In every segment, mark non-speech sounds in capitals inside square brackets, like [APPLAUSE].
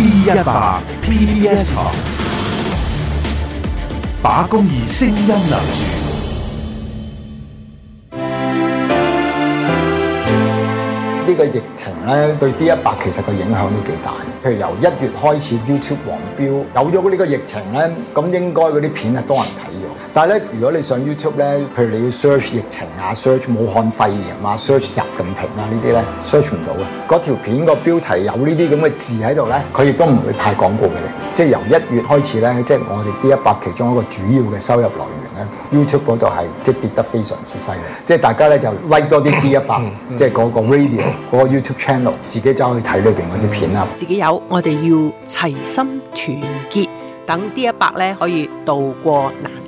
D 一百 PBS，把公義聲音留住。呢個疫情咧，對 D 一百其實個影響都幾大。譬如由一月開始 YouTube 黃標，有咗呢個疫情咧，咁應該啲片係多人睇。但係咧，如果你上 YouTube 咧，譬如你要 search 疫情啊、search 武漢肺炎啊、search 習近平啊呢啲咧，search 唔到嘅，嗰條片個標題有呢啲咁嘅字喺度咧，佢亦都唔會派廣告嘅。即係由一月開始咧，即係我哋 D 一百其中一個主要嘅收入來源咧，YouTube 嗰度係即係跌得非常之犀利。即係大家咧就 like 多啲 D 一百，即係嗰個 radio 嗰 [COUGHS] 個 YouTube channel 自己走去睇裏邊嗰啲片啦。自己有我哋要齊心團結，等 D 一百咧可以渡過難。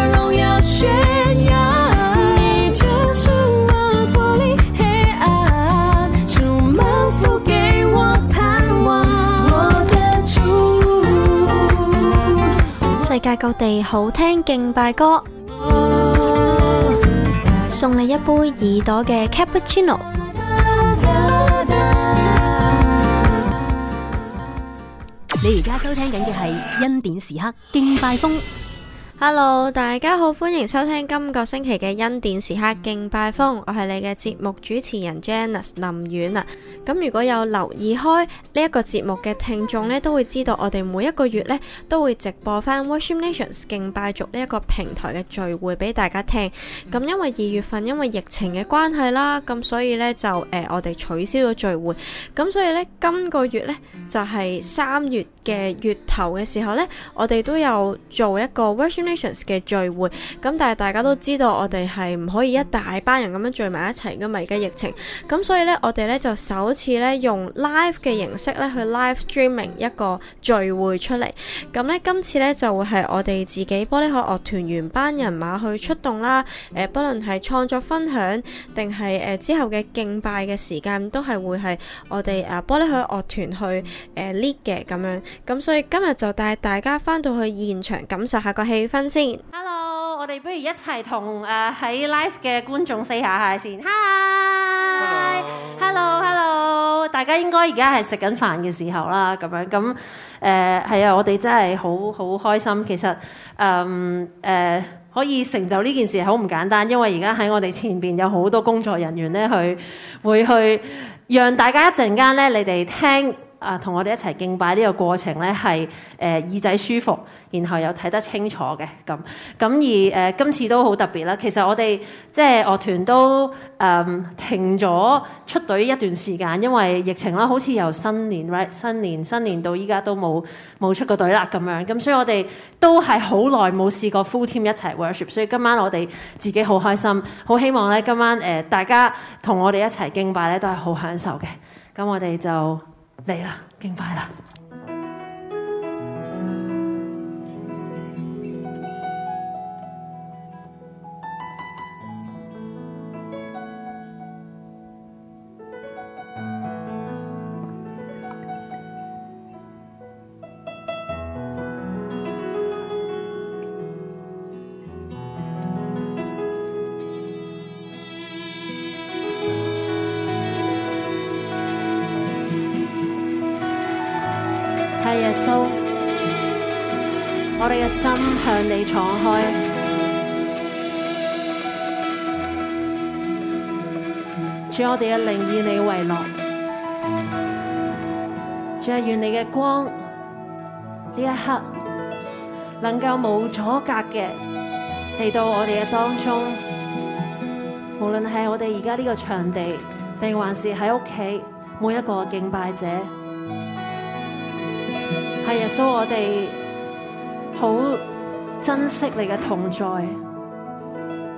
世界各地好聽敬拜歌，送你一杯耳朵嘅 Cappuccino。你而家收聽緊嘅係恩典時刻敬拜風。Hello，大家好，歡迎收聽今個星期嘅恩典時刻敬拜風，我係你嘅節目主持人 Janice 林婉啊。咁如果有留意開呢一、這個節目嘅聽眾呢，都會知道我哋每一個月呢，都會直播翻 Worship Nations 敬拜族呢一個平台嘅聚會俾大家聽。咁因為二月份因為疫情嘅關係啦，咁所以呢，就誒、呃、我哋取消咗聚會。咁所以呢，今、這個月呢，就係、是、三月。嘅月頭嘅時候呢，我哋都有做一個 Virtual Nations 嘅聚會，咁但係大家都知道我哋係唔可以一大班人咁樣聚埋一齊㗎嘛，而家疫情，咁所以呢，我哋呢就首次呢用 live 嘅形式呢去 live streaming 一個聚會出嚟，咁呢，今次呢就會係我哋自己玻璃海樂團原班人馬去出動啦，誒、呃，無論係創作分享定係誒之後嘅敬拜嘅時間，都係會係我哋誒、啊、玻璃海樂團去誒、呃、lead 嘅咁樣。咁所以今日就帶大家翻到去現場感受下個氣氛先。Hello，我哋不如一齊同誒喺、呃、live 嘅觀眾 say 下下先。Hi，Hello，Hello，大家應該而家係食緊飯嘅時候啦，咁樣咁誒係啊，我哋真係好好開心。其實，嗯、呃、誒、呃，可以成就呢件事好唔簡單，因為而家喺我哋前邊有好多工作人員咧去會去讓大家一陣間咧，你哋聽。啊，同我哋一齊敬拜呢個過程呢，係誒、呃、耳仔舒服，然後又睇得清楚嘅咁。咁而誒、呃、今次都好特別啦。其實我哋即係樂團都誒、呃、停咗出隊一段時間，因為疫情啦，好似由新年、新年、新年到依家都冇冇出過隊啦咁樣。咁所以我哋都係好耐冇試過 full team 一齊 worship。所以今晚我哋自己好開心，好希望呢今晚誒、呃、大家同我哋一齊敬拜呢，都係好享受嘅。咁我哋就～嚟啦，勁快啦！向你敞開，主，我哋嘅靈以你為樂，主係願你嘅光，呢一刻能夠冇阻隔嘅嚟到我哋嘅當中，無論係我哋而家呢個場地，定還是喺屋企，每一個敬拜者，係耶穌我們，我哋好。珍惜你嘅同在，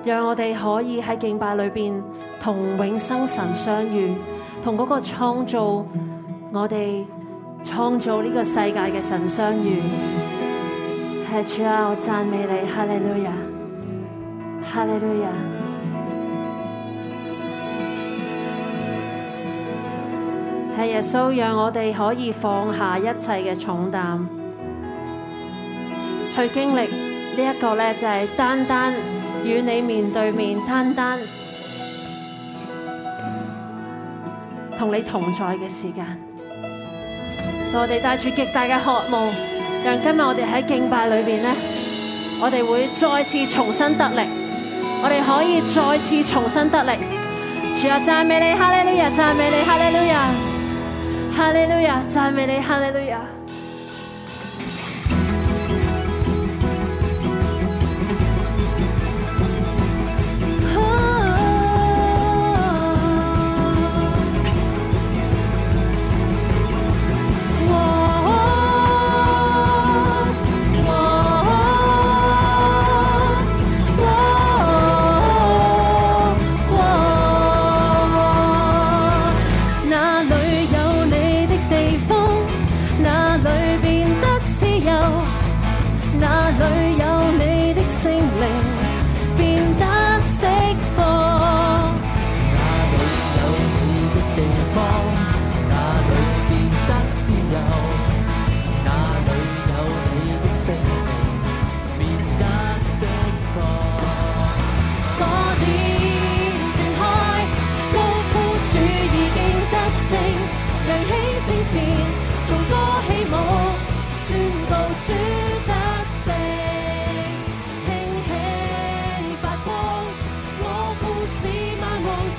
讓我哋可以喺敬拜裏邊同永生神相遇，同嗰個創造我哋創造呢個世界嘅神相遇。係主啊，我讚美你，哈利路亞，哈利路亞。係耶穌，讓我哋可以放下一切嘅重擔，去經歷。呢一個咧就係單單與你面對面，單單同你同在嘅時間。所以我哋帶住極大嘅渴望，讓今日我哋喺敬拜裏面咧，我哋會再次重新得力，我哋可以再次重新得力。主啊，讚美你！哈利路亞！讚美你！哈利路亞！哈利路亞！讚美你！哈利路亞！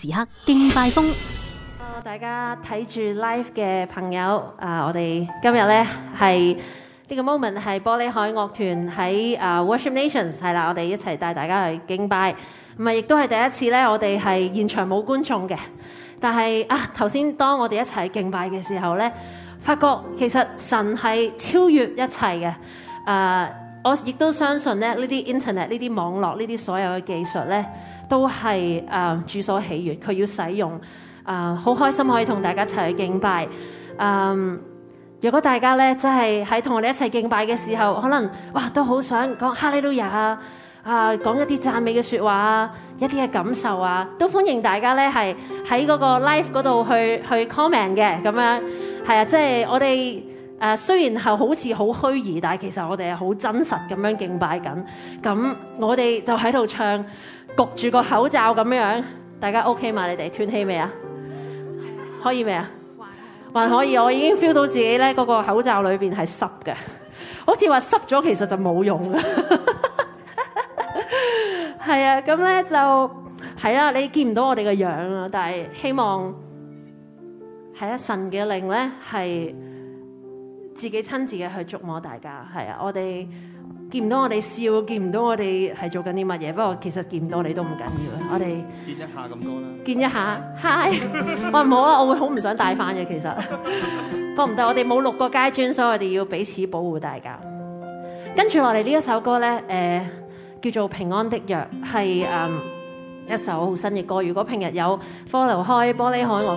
時刻敬拜，風。大家睇住 live 嘅朋友，啊、呃，我哋今日咧係呢是、這個 moment 係玻璃海樂團喺啊、呃、Worship Nations 係啦，我哋一齊帶大家去敬拜，唔係亦都係第一次咧，我哋係現場冇觀眾嘅，但係啊頭先當我哋一齊敬拜嘅時候咧，發覺其實神係超越一切嘅。誒、呃，我亦都相信咧呢啲 internet 呢啲網絡呢啲所有嘅技術咧。都係誒，住、呃、所喜悅，佢要使用誒，好、呃、開心可以同大家一齊去敬拜。誒、呃，如果大家咧，真係喺同我哋一齊敬拜嘅時候，可能哇，都好想講哈利路亞啊，啊，講一啲讚美嘅說話啊，一啲嘅感受啊，都歡迎大家咧，係喺嗰個 live 嗰度去去 comment 嘅咁樣係啊。即係我哋誒、呃，雖然係好似好虛擬，但係其實我哋係好真實咁樣敬拜緊。咁我哋就喺度唱。焗住個口罩咁樣，大家 OK 嘛？你哋斷氣未啊？可以未啊？還可以，我已經 feel 到自己咧，嗰個口罩裏邊係濕嘅，好似話濕咗，其實就冇用啦。係 [LAUGHS] 啊，咁咧就係啊，你見唔到我哋嘅樣啊，但係希望係啊，神嘅靈咧係自己親自嘅去觸摸大家，係啊，我哋。見唔到我哋笑，見唔到我哋係做緊啲乜嘢。不過其實見唔到你都唔緊要啊。我哋見一下咁多啦，見一下。嗨，我唔好啦，我會好唔想帶翻嘅。其實，講唔到，我哋冇六個街磚，所以我哋要彼此保護大家。跟住落嚟呢一首歌咧，誒、呃，叫做《平安的藥》，係誒、um, 一首好新嘅歌。如果平日有 follow 開玻璃海樂團，誒、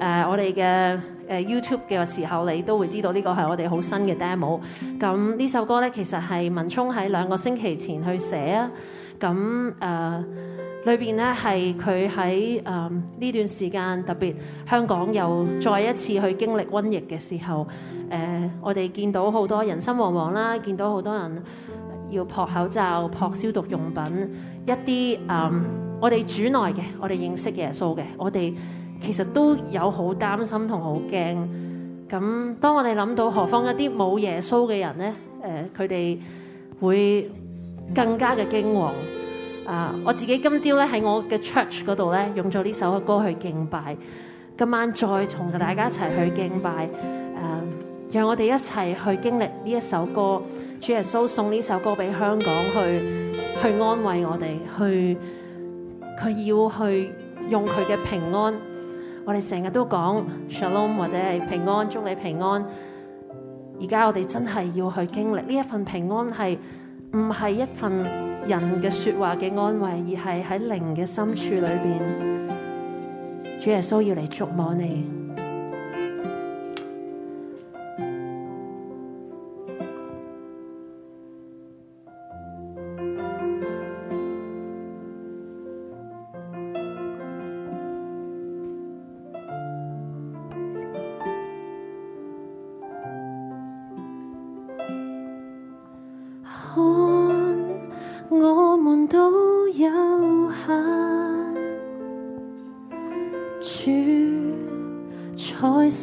呃，我哋嘅。誒 YouTube 嘅時候，你都會知道呢個係我哋好新嘅 demo。咁呢首歌呢，其實係文聰喺兩個星期前去寫啊。咁誒裏邊呢，係佢喺誒呢段時間，特別香港又再一次去經歷瘟疫嘅時候，誒、呃、我哋見到好多人心惶惶啦，見到好多人要撲口罩、撲消毒用品，一啲誒我哋主內嘅，我哋認識耶穌嘅，我哋。我們其實都有好擔心同好驚，咁當我哋諗到何況一啲冇耶穌嘅人咧，誒佢哋會更加嘅驚惶啊！我自己今朝咧喺我嘅 church 度咧，用咗呢首歌去敬拜，今晚再同大家一齊去敬拜，誒、呃、讓我哋一齊去經歷呢一首歌，主耶穌送呢首歌俾香港去，去安慰我哋，去佢要去用佢嘅平安。我哋成日都講 Shalom 或者係平安，祝你平安。而家我哋真係要去經歷呢一份平安是，係唔係一份人嘅說話嘅安慰，而係喺靈嘅深處裏面。主耶穌要嚟觸摸你。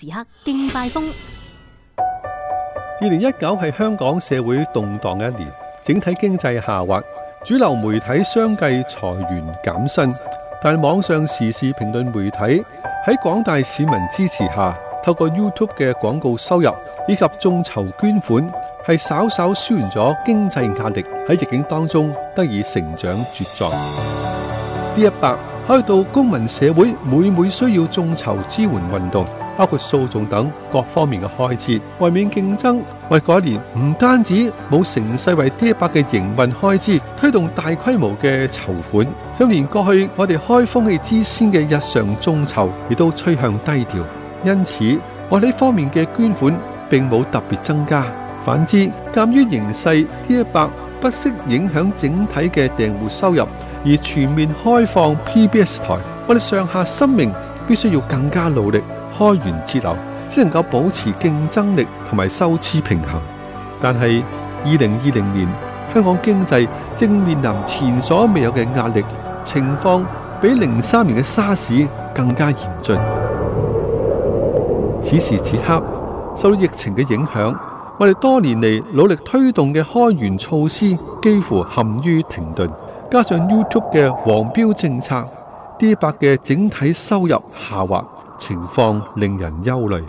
時刻勁快風。二零一九係香港社會動盪嘅一年，整體經濟下滑，主流媒體相繼裁員減薪。但網上時事評論媒體喺廣大市民支持下，透過 YouTube 嘅廣告收入以及眾籌捐款，係稍稍舒緩咗經濟壓力，喺逆境當中得以成長茁壯。呢一百開到公民社會每每需要眾籌支援運動。包括訴訟等各方面嘅開支，為免競爭，為改年唔單止冇成世為 D100 嘅營運開支，推動大規模嘅籌款，就連過去我哋開風氣之先嘅日常眾籌，亦都趨向低調。因此，我哋方面嘅捐款並冇特別增加。反之，鑑於形勢，D100 不惜影響整體嘅訂戶收入，而全面開放 PBS 台，我哋上下心明，必須要更加努力。開源節流，先能夠保持競爭力同埋收支平衡。但係二零二零年，香港經濟正面臨前所未有嘅壓力，情況比零三年嘅沙士更加嚴峻。此時此刻，受疫情嘅影響，我哋多年嚟努力推動嘅開源措施幾乎陷於停頓，加上 YouTube 嘅黃標政策，D8 嘅整體收入下滑。情況令人憂慮，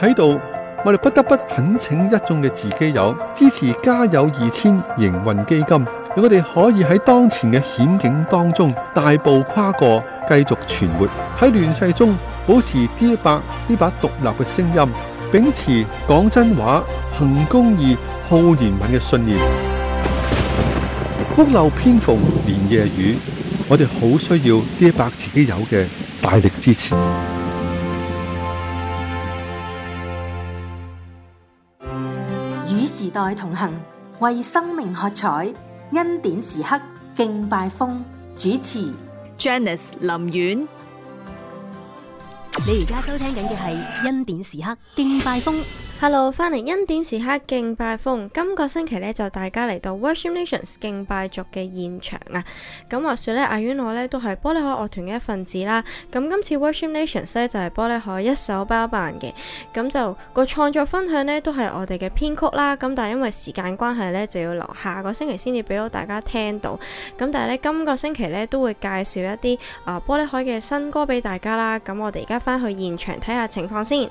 喺度我哋不得不懇請一眾嘅自己友支持，家有二千營運基金，令我哋可以喺當前嘅險境當中大步跨過，繼續存活喺亂世中，保持 D 八呢把獨立嘅聲音，秉持講真話、行公義、好人民嘅信念。屋漏偏逢連夜雨。我哋好需要呢一百自己有嘅大力支持。與時代同行，為生命喝彩，恩典時刻敬拜風。主持 Janice 林苑。你而家收聽緊嘅係恩典時刻敬拜風。Hello，翻嚟恩典時刻敬拜風，今個星期咧就大家嚟到 Worship Nations 敬拜族嘅現場啊！咁話說咧，阿遠我咧都係玻璃海樂團嘅一份子啦。咁今次 Worship Nations 咧就係、是、玻璃海一手包辦嘅，咁就個創作分享呢，都係我哋嘅編曲啦。咁但係因為時間關係咧，就要留下個星期先至俾到大家聽到。咁但係咧今個星期咧都會介紹一啲啊、呃、玻璃海嘅新歌俾大家啦。咁我哋而家翻去現場睇下情況先。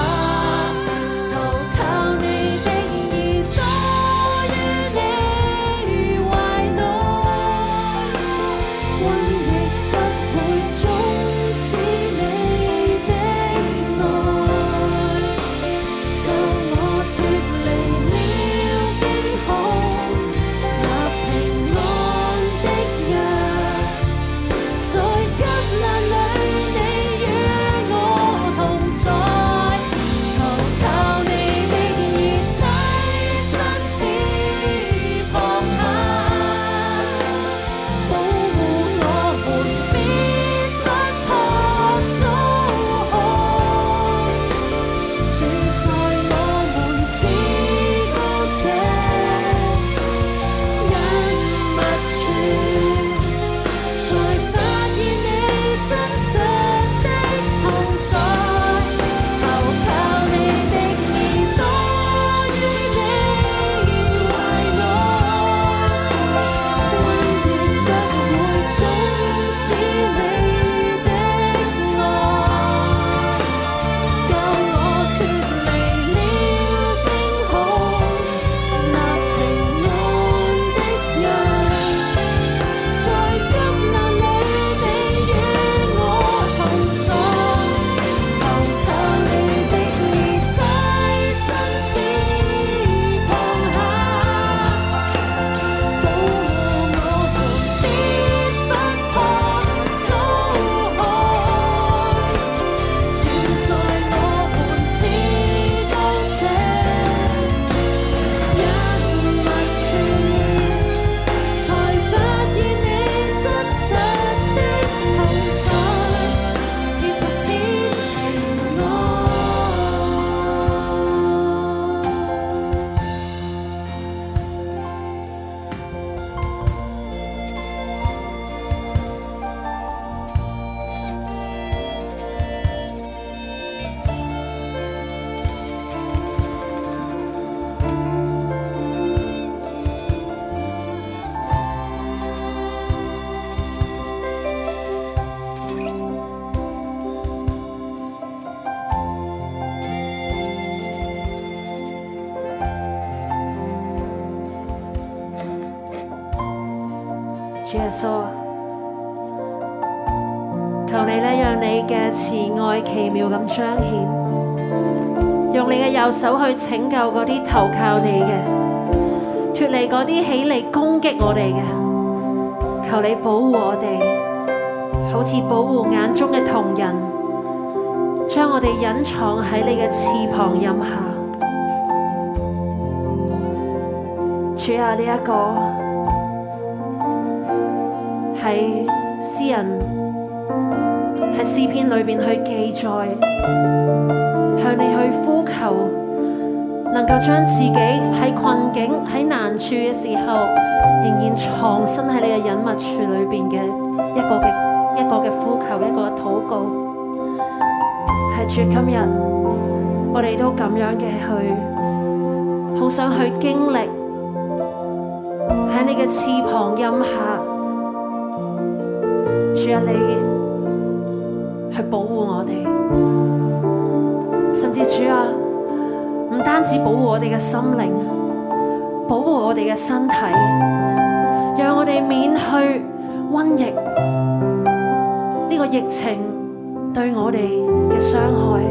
走去拯救嗰啲投靠你嘅，脫離嗰啲起嚟攻擊我哋嘅，求你保護我哋，好似保護眼中嘅瞳仁，將我哋隱藏喺你嘅翅膀蔭下，處下呢一個喺詩人喺詩篇裏邊去記載，向你去呼求。能夠將自己喺困境、喺難處嘅時候，仍然藏身喺你嘅隱秘處裏面嘅一個嘅一個嘅呼求、一個嘅禱告，係主，今日我哋都咁樣嘅去好想去經歷，喺你嘅翅膀蔭下，主啊，你去保護我哋，甚至主啊。唔單止保護我哋嘅心靈，保護我哋嘅身體，讓我哋免去瘟疫呢、這個疫情對我哋嘅傷害。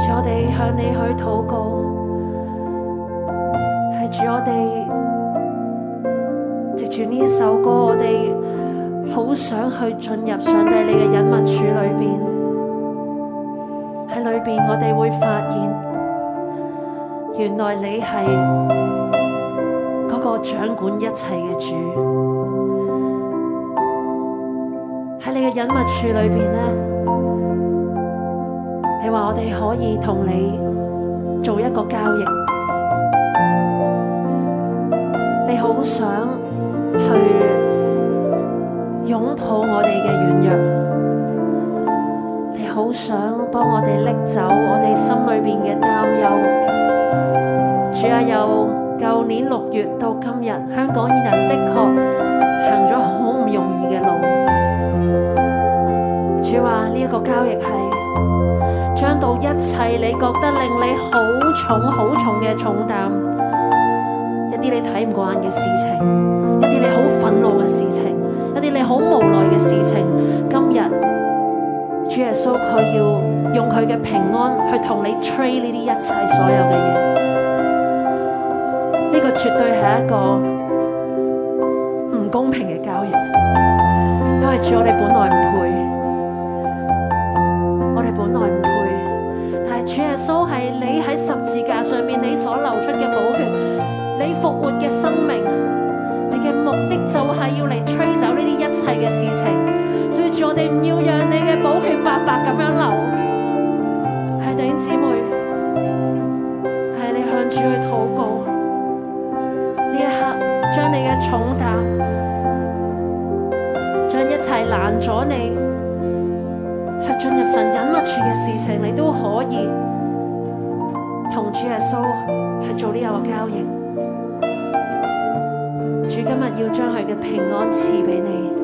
主我哋向你去禱告，係主我哋藉住呢首歌，我哋好想去進入上帝你嘅隱密處裏面。裏邊，我哋會發現，原來你係嗰個掌管一切嘅主。喺你嘅隱密處裏邊咧，你話我哋可以同你做一個交易。你好想去擁抱我哋嘅軟弱。好想幫我哋拎走我哋心裏邊嘅擔憂，主啊，由舊年六月到今日，香港人的確行咗好唔容易嘅路。主話呢一個交易係將到一切你覺得令你好重好重嘅重擔，一啲你睇唔慣嘅事情，一啲你好憤怒嘅事情，一啲你好無奈嘅事，事情，今日，主耶穌佢要用佢嘅平安去同你吹呢啲一切所有嘅嘢，呢個絕對係一個唔公平嘅交易，因為主我哋本來唔配，我哋本來唔配，但係主耶穌係你喺十字架上面你所流出嘅寶血，你復活嘅生命，你嘅目的就係要嚟吹走呢啲一切嘅事情。我哋唔要讓你嘅寶血白白咁樣流，係弟兄姊妹，係你向主去禱告，呢一刻將你嘅重擔，將一切攔阻你去進入神隱密處嘅事情，你都可以同主耶穌去做呢一個交易。主今日要將佢嘅平安賜俾你。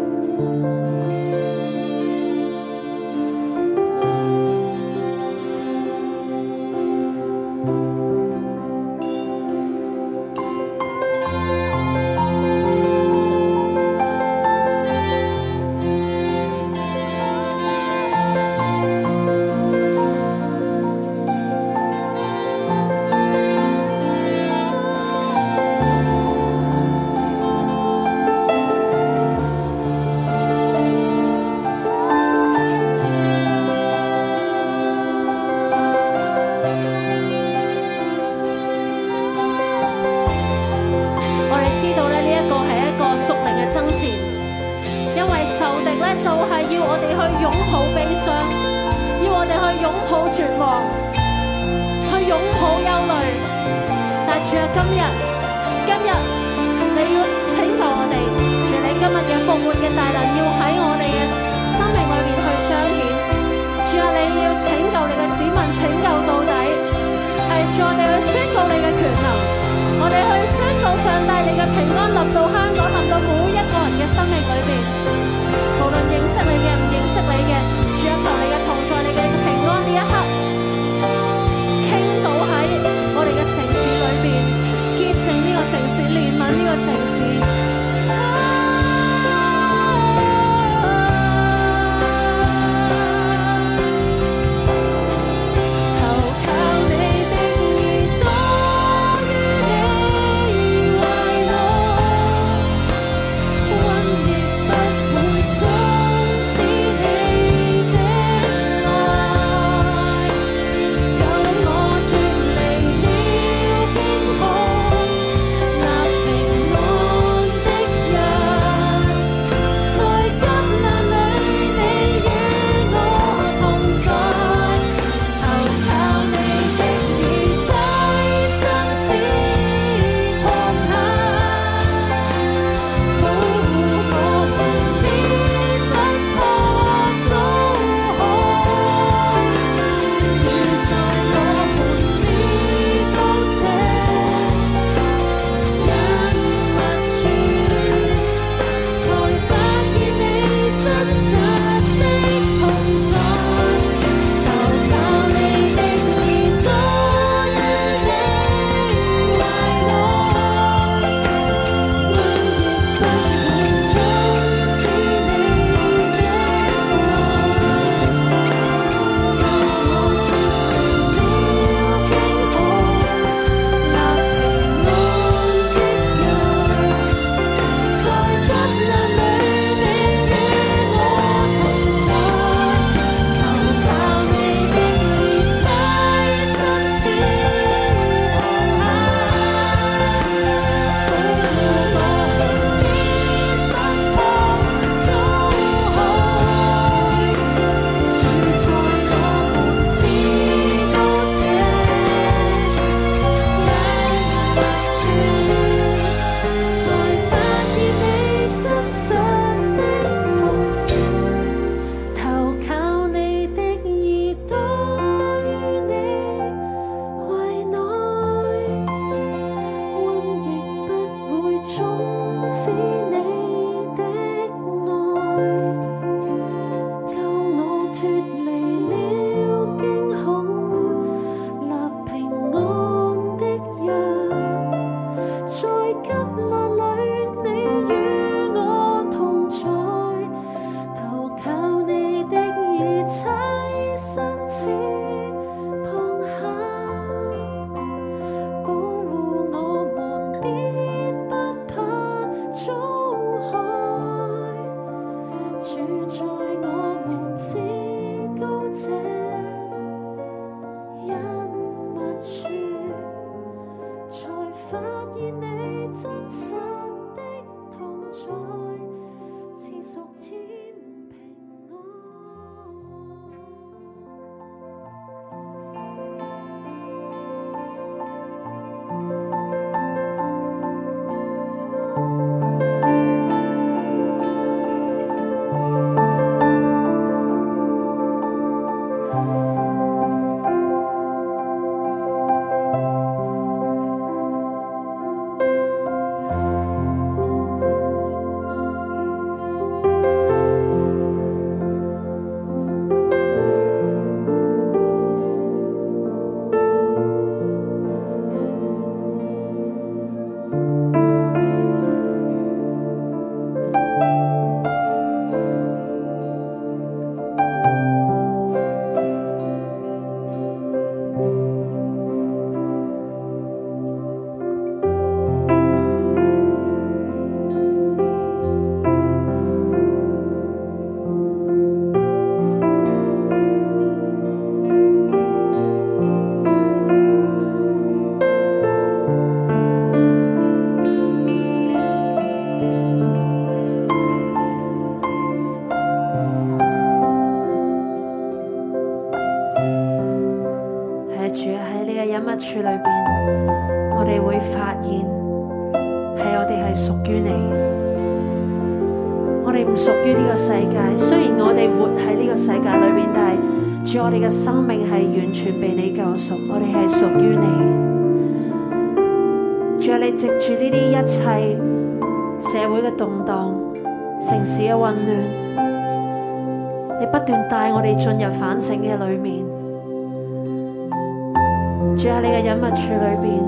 裏邊，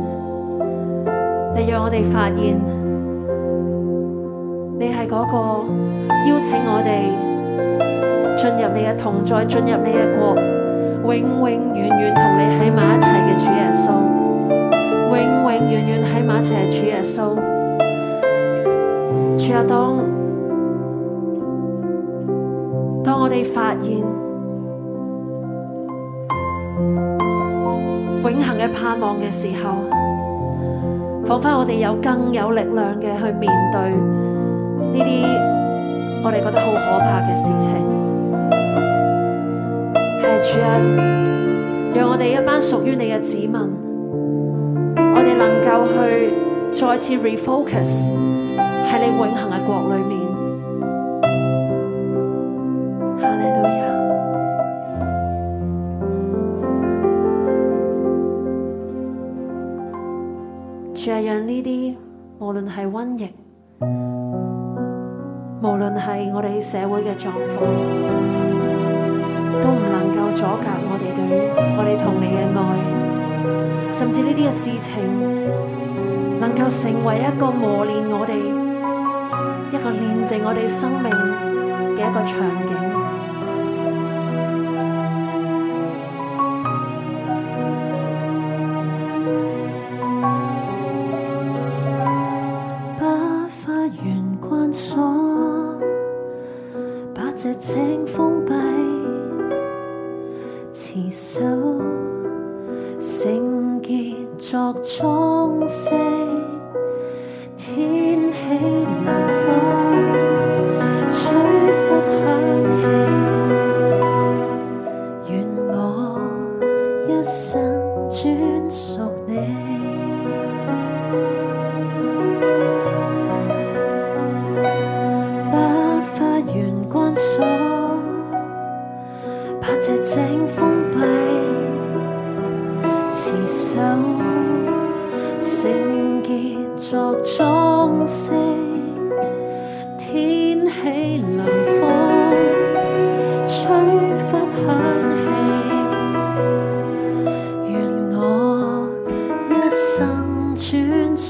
你讓我哋發現，你係嗰個邀請我哋進入你嘅同在，進入你嘅國，永永遠遠同你喺埋一齊嘅主耶穌，永永遠遠喺埋一齊嘅主耶穌。主阿當，當我哋發現。望嘅時候，仿佛我哋有更有力量嘅去面對呢啲我哋覺得好可怕嘅事情。係啊，主啊，讓我哋一班屬於你嘅子民，我哋能夠去再次 refocus 喺你永恒嘅國裏面。就係讓呢啲，無論係瘟疫，無論係我哋社會嘅狀況，都唔能夠阻隔我哋對，我哋同你嘅愛，甚至呢啲嘅事情，能夠成為一個磨練我哋，一個煉淨我哋生命嘅一個場景。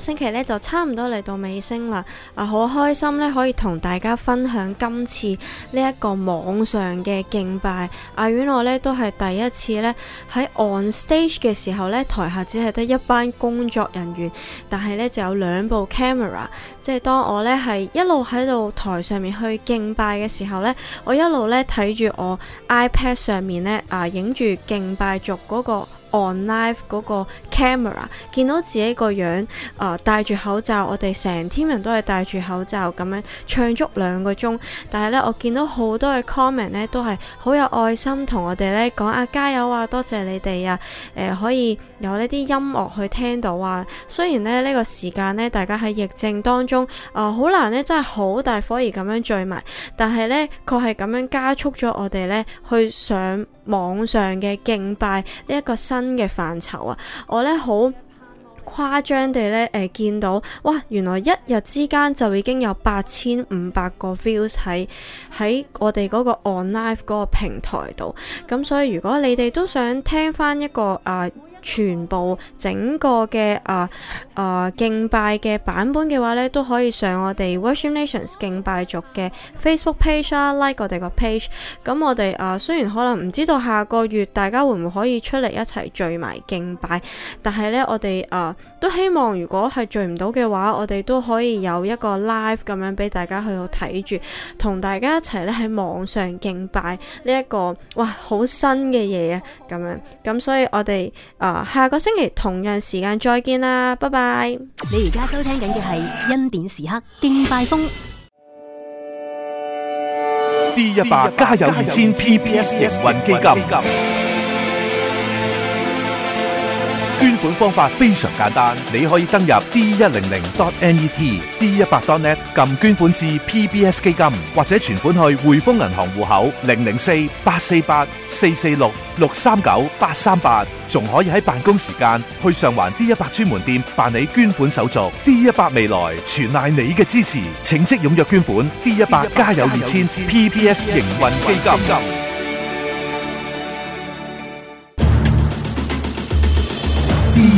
星期咧，就差唔多嚟到尾聲啦，啊，好開心咧，可以同大家分享今次呢一個網上嘅敬拜，阿苑我咧都係第一次咧，喺 on stage 嘅時候咧，台下只係得一班工作人員，但係咧就有兩部 camera，即係當我咧係一路喺度台上面去敬拜嘅時候咧，我一路咧睇住我 iPad 上面咧，啊影住敬拜族嗰個。On live 嗰個 camera 見到自己個樣，啊、呃、戴住口罩，我哋成 team 人都係戴住口罩咁樣唱足兩個鐘，但係咧，我見到好多嘅 comment 咧，都係好有愛心，同我哋咧講啊加油啊，多謝你哋啊，誒、呃、可以有呢啲音樂去聽到啊。雖然咧呢、呢個時間咧，大家喺疫症當中啊，好、呃、難咧真係好大夥兒咁樣聚埋，但係咧確係咁樣加速咗我哋咧去上網上嘅敬拜呢一個新新嘅範疇啊！我咧好誇張地咧，誒、呃、見到哇，原來一日之間就已經有八千五百個 views 喺喺我哋嗰個 Onlife 嗰個平台度。咁所以如果你哋都想聽翻一個啊～、呃全部整個嘅啊啊敬拜嘅版本嘅話咧，都可以上我哋 Worship Nations 敬拜族嘅 Facebook page 啦、啊、like 我哋個 page。咁我哋啊、呃，雖然可能唔知道下個月大家會唔會可以出嚟一齊聚埋敬拜，但係咧我哋啊、呃、都希望，如果係聚唔到嘅話，我哋都可以有一個 live 咁樣俾大家去睇住，同大家一齊咧喺網上敬拜呢、這、一個哇好新嘅嘢啊咁樣。咁所以我哋啊～、呃哦、下個星期同樣時間再見啦，拜拜！你而家收聽緊嘅係《恩典時刻》敬拜風 [MUSIC] ，D 一百加油二千油油 PPS 營運基金。捐款方法非常簡單，你可以登入 d 一零零 .dot n e t d 一百 .dot net，撳捐款至 P B S 基金，或者存款去匯豐銀行戶口零零四八四八四四六六三九八三八，仲可以喺辦公時間去上環 d 一百專門店辦理捐款手續。d 一百未來全賴你嘅支持，請即踊躍捐款。d 一百加油二千，P B S 營運基金。